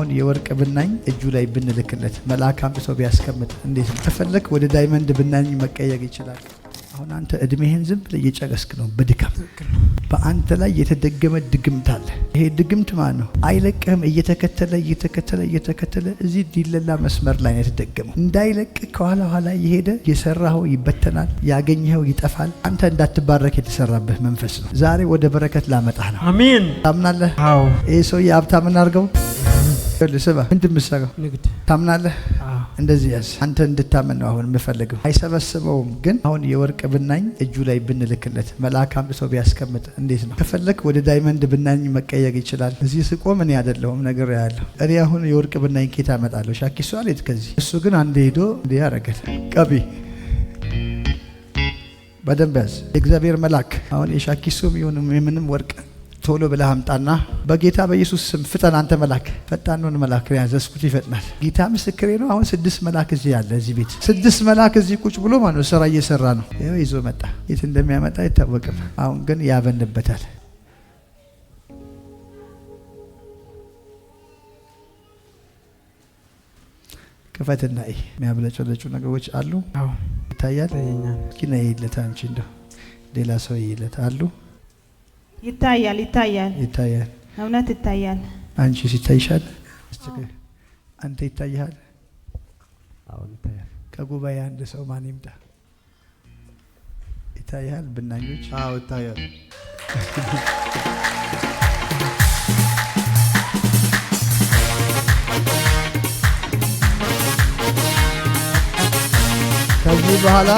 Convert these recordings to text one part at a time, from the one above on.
አሁን የወርቅ ብናኝ እጁ ላይ ብንልክለት መልአክ አምጥቶ ቢያስቀምጥ እንዴት ነው? ወደ ዳይመንድ ብናኝ መቀየር ይችላል። አሁን አንተ እድሜህን ዝም ብለህ እየጨረስክ ነው በድካም በአንተ ላይ የተደገመ ድግምት አለ። ይሄ ድግምት ማ ነው አይለቅህም። እየተከተለ እየተከተለ እየተከተለ እዚህ ዲለላ መስመር ላይ ነው የተደገመው። እንዳይለቅ ከኋላ ኋላ የሄደ የሰራኸው ይበተናል፣ ያገኘኸው ይጠፋል። አንተ እንዳትባረክ የተሰራብህ መንፈስ ነው። ዛሬ ወደ በረከት ላመጣህ ነው። አሜን። ታምናለህ? ይህ ሰውዬ ሀብታምን አድርገው ልስማ ምንድን የምትሰራው ንግድ ታምናለህ? እንደዚህ ያዝ። አንተ እንድታመን ነው አሁን የምፈልገው። አይሰበስበውም፣ ግን አሁን የወርቅ ብናኝ እጁ ላይ ብንልክለት መልአክ አምጥቶ ቢያስቀምጥ እንዴት ነው? ከፈለክ ወደ ዳይመንድ ብናኝ መቀየር ይችላል። እዚህ ስቆም እኔ አይደለሁም ነገር ያለሁ እኔ አሁን የወርቅ ብናኝ ኬታ አመጣለሁ። ሻኪሱ አልሄድ ከዚህ እሱ ግን አንድ ሄዶ እንዲ ያረገል ቀቢ በደንብ ያዝ። የእግዚአብሔር መልአክ አሁን የሻኪሱም ይሁን የምንም ወርቅ ቶሎ ብለህ አምጣና በጌታ በኢየሱስ ስም ፍጠን። አንተ መላክ ፈጣኑን መላክ ያዘ። ይፈጥናል። ጌታ ምስክሬ ነው። አሁን ስድስት መላክ እዚህ ያለ እዚህ ቤት ስድስት መላክ እዚህ ቁጭ ብሎ ማነው ስራ እየሰራ ነው። ይኸው ይዞ መጣ። የት እንደሚያመጣ አይታወቅም። አሁን ግን ያበንበታል። ክፈትና ይህ የሚያብለጨለጩ ነገሮች አሉ። ይታያል። ኪና ይለታ አንቺ እንደው ሌላ ሰው ይለት አሉ يتايل يتايل يتايل هونا تتايل أنت ستايشال آه. أنت يتايل أو آه، يتايل كعوبة عند سو ما نيمتا يتايل بنانجوش أو يتايل ከዚህ በኋላ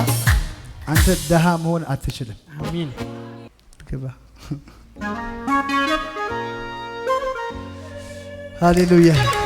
አንተ ደሃ መሆን አትችልም አሚን ግባ ሃሌሉያ